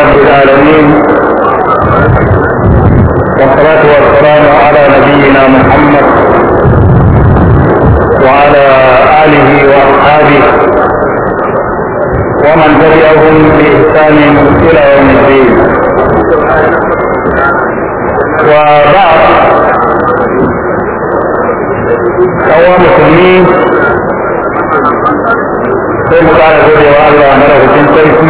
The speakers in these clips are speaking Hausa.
رب العالمين والصلاة والسلام على نبينا محمد وعلى آله وأصحابه ومن تبعهم بإحسان إلى يوم الدين وبعد فهو مسلمين sai mu ƙara godewa Allah mara hukun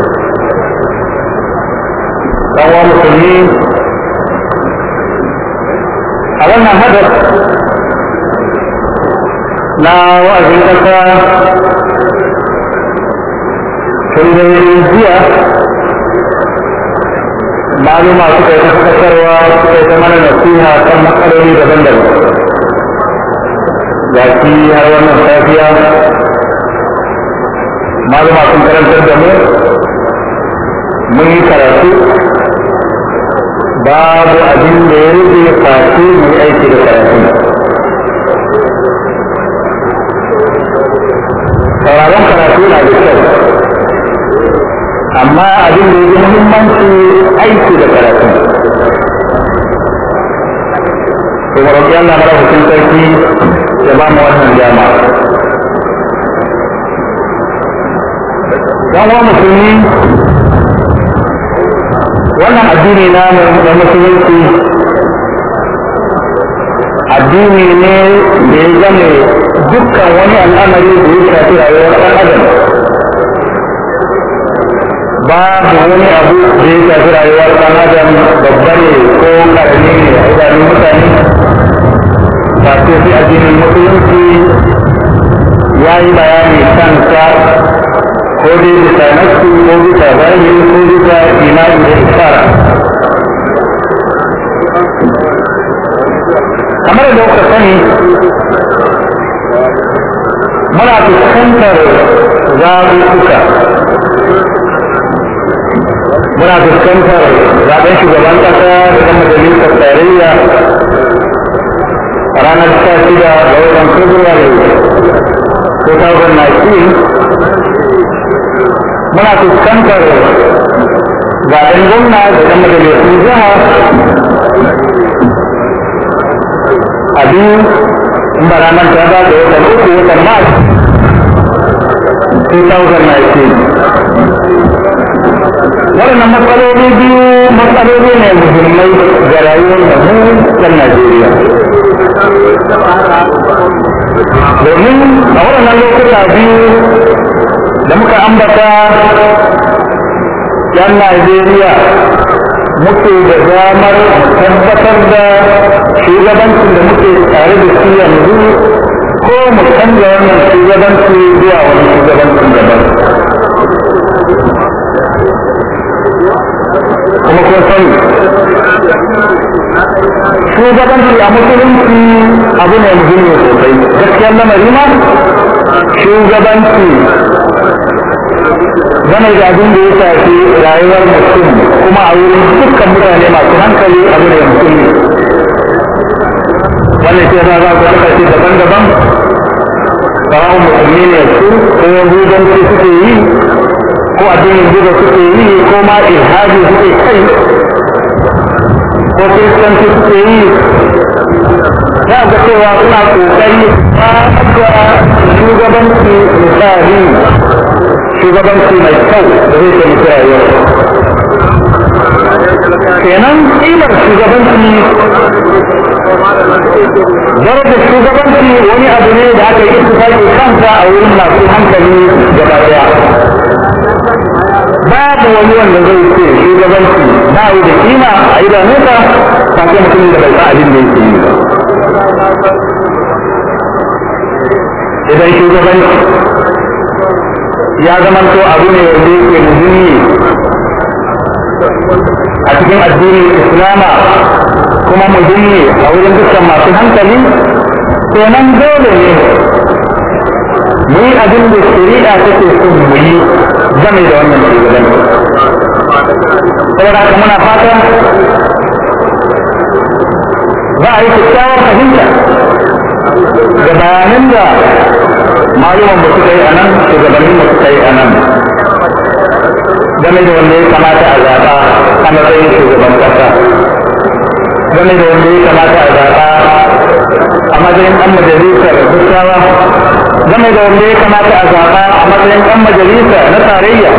rawa musulmi a wannan hadar na wa'azin ƙasa tun da jiya maluma suka yi kasarwa suka yi mana nasiha kan matsaloli daban-daban ga shi har wannan safiya maluma sun karantar da mu mun yi karatu babu abin da ya rufe face mai aiki da karatu sauraron karatu na da kyau amma abin da ya muhimmanci aiki da karatu kuma roƙi Allah mara hukun sarki ya ba mu wannan dama dan wa musulmi wannan addini na na musulunci addini ne da ya zame dukkan wani al'amari da ya shafi rayuwar ɗan adam babu wani abu da ya shafi rayuwar ɗan adam babba ne ko ƙarami ne a idanun mutane ba sai addinin musulunci ya yi bayani kansa ಕೋಟಿಯಿಂದ ನಷ್ಟು ಕೋಟಿದಾಗ ಏಳು ಕೋಟಿದ ಏನಾಗಿದೆ ಸಾರ हमारे लोग कहते हैं मला दुःखंतर जागृतिका मला दुःखंतर जागृती जबानताचा त्यांना दलील करता येईल या रानाच्या तिला गौरव अंतर बोलावे 2019 थोड़ा कुछ कम करो गार्डन घूमना है भजन के लिए पूजा अभी बरामद ज्यादा दो सबको पूरे करना चिंताओं करना इस चीज और नमक करोगे भी मत करोगे नहीं मुझे नहीं गहराइयों नहीं करना चाहिए और नलों के अभी da muka ambata yan najeriya muke da damar tabbatar da shugabancin da muke tare da shi yanzu ko mu canza wannan shugabanci zuwa wani shugabancin daban kuma kun sani shugabanci a musulunci abu ne muhimmi sosai gaskiyar lamari ma shugabanci game da abin da ya shafi rayuwar mutum kuma a wurin dukkan mutane masu hankali a ne mutum ne wannan ke za ku kasashe daban-daban kawo musulmi ne su ko yahudanci suke yi ko addinin buga suke yi ko ma ilhaji suke kai ko kiristanci suke yi za ga cewa suna kokari ba ga shugabanci misali shugabanci mai kyau da zai taimaki rayuwar kenan ƙimar shugabanci darajar shugabanci wani abu ne da aka yi tufaki kansa a wurin masu hankali gaba daya babu wani wanda zai ce shugabanci ba yi da kima a idanunsa ba sai mutum da bai ba abin da yake yi ba idan shugabanci ya zamanto abu ne wanda yake muhimmi a cikin addinin islama kuma muhimmi a wurin dukkan masu hankali to nan dole ne mu yi abin da shari'a take so mu yi game da wannan shugabanci saboda haka muna fata za a yi kyakkyawar fahimta da bayanan da maluman da suka yi a nan shugabannin da suka yi a nan game da wanda ya kamata a zaɓa a matsayin shugaban ƙasa game da wanda ya kamata a zaɓa a matsayin ɗan majalisar dattawa game da wanda ya kamata a zaɓa a matsayin ɗan majalisa na tarayya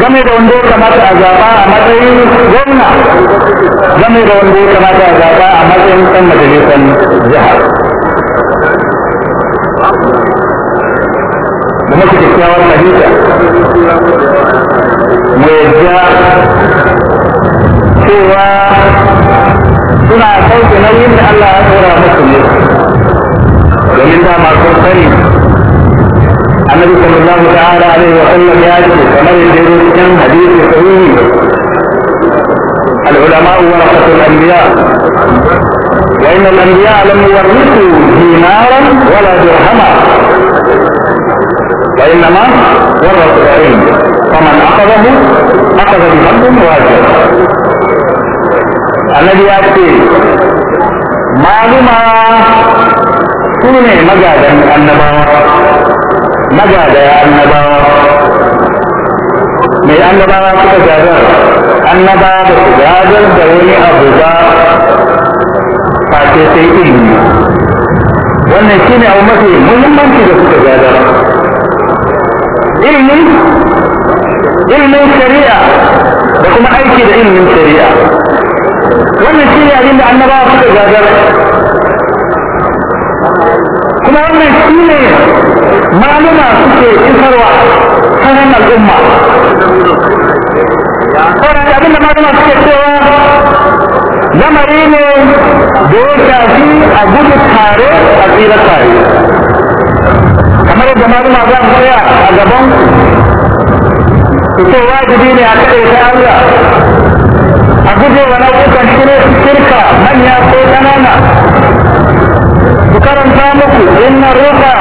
game da wanda ya kamata a zaɓa a matsayin gwamna game da wanda ya kamata a zaɓa a matsayin ɗan majalisar jiha da mafi kyakkyawar fahimta mu yadda cewa suna sauke yin da Allah ya tsora musu ne domin da masu sani annabi sallallahu ta'ala alaihi wa sallam ya ce kamar yadda ya cikin hadisi sahihi al-ulama wa rasul anbiya وإن الأنبياء لم يورثوا دينارا ولا درهما وإنما ورثوا العلم فمن أخذه أخذ بحق واجب الذي يأتي معلومة كوني مجادا النبوة مجادا أنبا من annabawa suka أنبا annabawa da su face sai ilimi wannan shi ne abu mafi muhimmanci da suka gada ilimin ilimin shari'a da kuma aiki da ilimin shari'a wannan shi ne abin da annabawa suka gadar kuma wannan shi ne maluma suke isarwa sanan al'umma saboda abin da maluma suke cewa lamari ne da ya shafi a gudu tare a tsira tare kamar yadda maluma za mu tsaya a gaban ku wajibi ne a kaɗai ta Allah a guje wa nau'ukan shirka manya ko ƙanana ku karanta muku inna ruka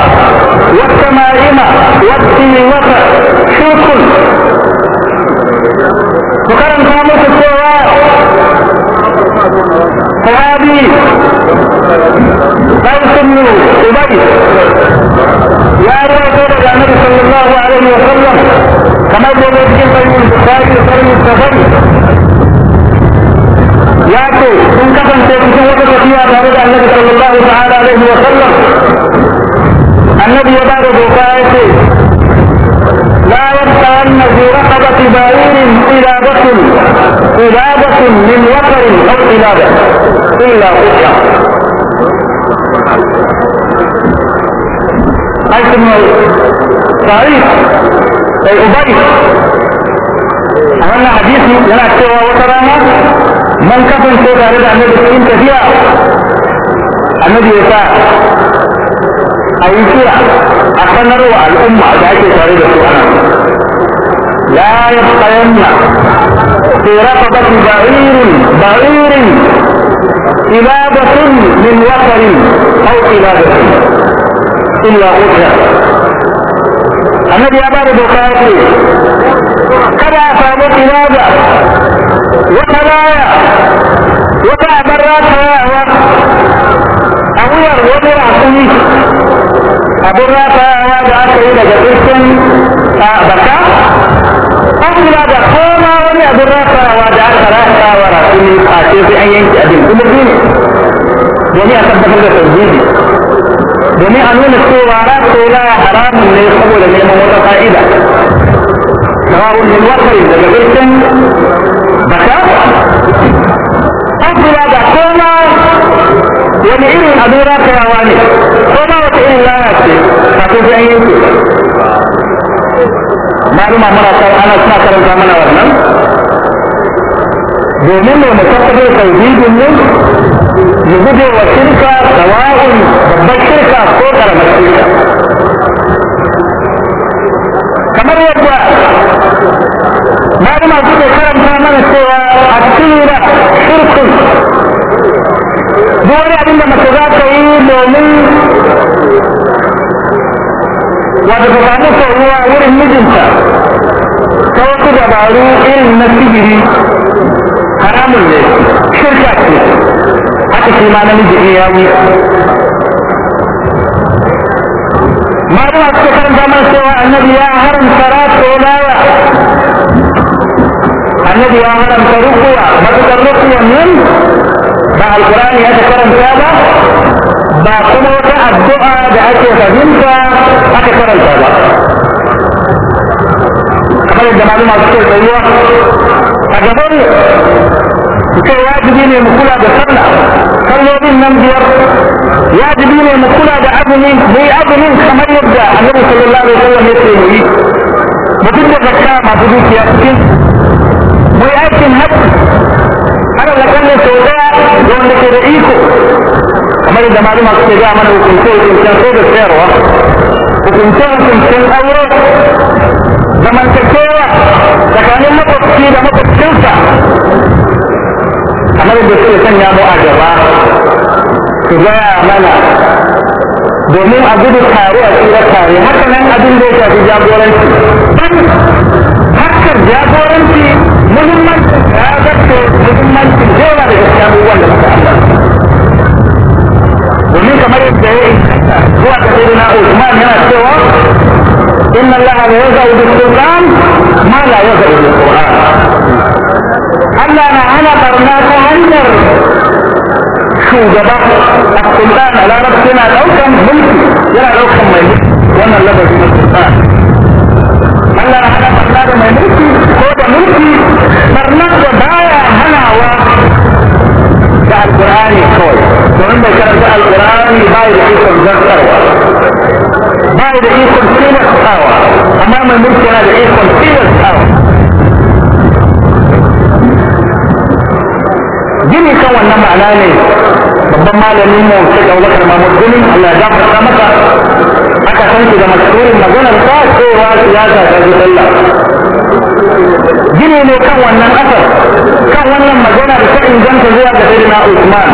وجد في صحيح البخاري صحيح البخاري يعني إن كفن تكون وقت فيها بارد النبي صلى الله تعالى عليه وسلم النبي بعد بقائته لا يبقى أن في رقبة بعير قلادة قلادة من وتر أو قلادة إلا قطع أي صحيح sai ubai a wannan hadisi yana cewa wata rana man kasance tare da annabi cikin tafiya annabi ya sa a yi kira a sanarwa al'umma da ake tare da su ana لا يبقين في رقبة بعير بعير قلادة من وتر أو قلادة إلا غشة annabi ya bada doka ya kada a samu tinaza wata baya wata abar ratayawa a wuyar wani rakuni abin ratayawa da aka yi daga tsirkin baka an kula da koma wani abin ratayawa da aka ratayawa rakuni a ce sai an yanki abin kuma ne domin a tabbatar da tarbiyya جميع نون الصورة كلها حرام من يصبوا لأنه متقائدة سواء من وصل لجبيت بشر أصل هذا كوما ونئر أدورة كيواني كوما وتئر لا يأتي تكون في أي معلومة مرة أنا أسمع كلام زمان ورنا domin mai mutattabai sai jirgin ne يجوده وشركة سواء ضد الشركة أو طلب الشركة kamar yadda malama suke karanta mana cewa a tsira shirkun duk wani abin da mace za ta yi domin wanda ta samu sauruwa wurin mijinta ta wasu dabaru irin na sihiri haramun ne shirka ce shi ma namiji in ya wuya malama suka karanta mana cewa annabi ya haramta rasolaya annabi ya haramta rukuwa matukar rukuwa min ya ta karanta ba ba kuma wata addu'a da ake fahimta aka karanta ba kamar yadda kai wajibi ne mu kula da sallah sallolin nan biyar wajibi ne mu kula da azumi mu yi azumin kamar yadda annabi sallallahu alaihi wasallam ya ce mu yi mu dinga zakka masu dukiya cikin mu yi aikin hajji har da kallon sau daya ga wanda ke da iko kamar yadda malama suke ga mana hukunce hukuncen sai da sayarwa hukunce hukuncen aure zamantakewa tsakanin makwabci da makwabcinsa kamar da suka sanya mu a gaba su gaya mana domin a gudu tare a tsira tare haka nan abin da ya shafi jagoranci don harkar jagoranci muhimmancin ya zarto muhimmancin jewa da gaskiya mu wanda muka amma domin kamar yadda ya yi zuwa ta sai na Usman yana cewa inna Allah la yazau bil Qur'an ma la yazau bil Qur'an Allah na hana barna ta hanyar shugaba a sultan a larabci yana daukan mulki yana daukan mai wannan labarin na sultan Allah na hana barna da mai mulki ko da mulki barna da baya hanawa da alkur'ani kawai domin bai karanta alkur'ani bai da ikon zartarwa bai da ikon tilastawa amma mai mulki yana da ikon tilastawa gini kan wannan ma'ana ne babban malamin mu sai da wakar mamu gini Allah ya gafarta maka aka san shi da masurin maganar sa cewa siyasa ta ji sallah gini ne kan wannan asar kan wannan maganar ta inganta zuwa ga sayyidina Usman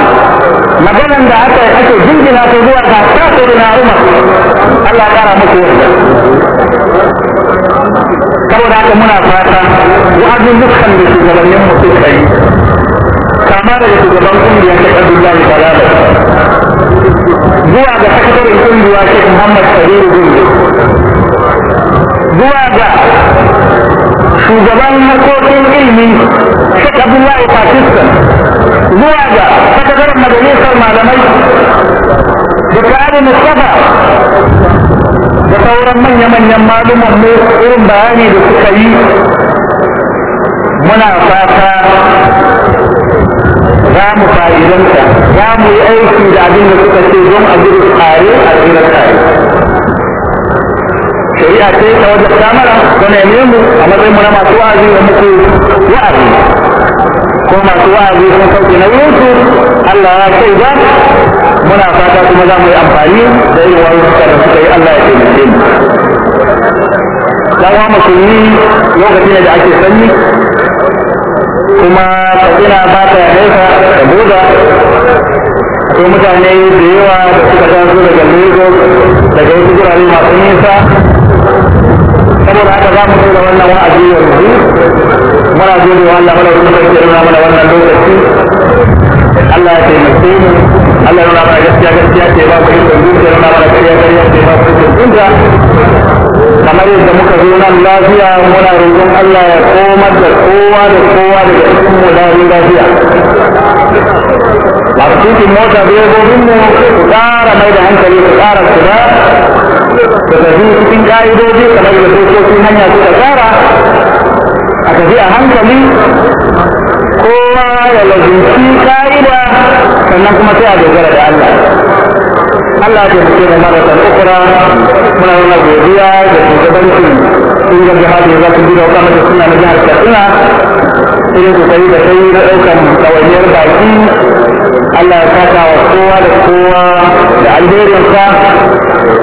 maganar da aka ake jingina ta zuwa ga sayyidina Umar Allah ya kara muku wannan saboda haka muna fata wa'azin dukkan da shugabannin mu suka yi kama daga shugaban kungiyar shek abdullahi balala zuwa ga sakataren kungiya shek muhammad kabiru gungu zuwa ga shugaban harkokin ilimi shek abdullahi pakistan zuwa ga sakataren majalisar malamai da ƙarin mustafa da sauran manya-manyan malumman mu irin bayani da suka yi muna fata za mu fa'idanta za mu yi aiki da abin da suka ce don a gudu tare a tsira tare shari'a ce ta wajen samara don ya mu a matsayin mu na masu wa'azi da muku wa'azi ko masu wa'azi sun sauke na yinsu Allah ya kai ba muna fata kuma za mu yi amfani da yin wani da suka yi Allah ya taimake mu. Dan wa musulmi lokacin da ake sanyi kuma kabila ba ta nesa da buda akwai mutane da yawa da suka taso daga lagos daga wasu gurare masu nisa saboda haka za mu tura wannan wa'azi yanzu muna gode wa Allah mana wani sarki nuna mana wannan lokaci Allah ya taimake mu Allah ya nuna mana gaskiya gaskiya ce ba mu ikon zuciya nuna mana kariya kariya ce ba mu ikon zuciya kamar yadda muka zo nan lafiya muna roƙon Allah ya komar da kowa da kowa daga cikin mu lafiya masu cikin mota gobin mu su ƙara mai da hankali su ƙara ba da tafi cikin ƙa'idoji kamar da dokokin hanya suka ƙara a tafi a hankali kowa ya lazimci ƙa'ida sannan kuma sai a dogara da Allah Allah ya ce mu mara ta ukura muna nuna godiya da shugabancin kungiyar jihar da za ta bi da wata mata suna na jihar Katsina irin kokari da kai na ɗaukan ɗawainiyar baki Allah ya saka wa kowa da kowa da alherinsa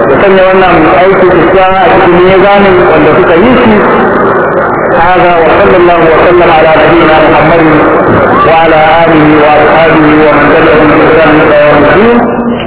da sanya wannan aiki kyakkyawa a cikin ya gane wanda suka yi shi هذا وصلى الله وسلم على نبينا محمد وعلى اله واصحابه ومن تبعهم بإحسان الى يوم الدين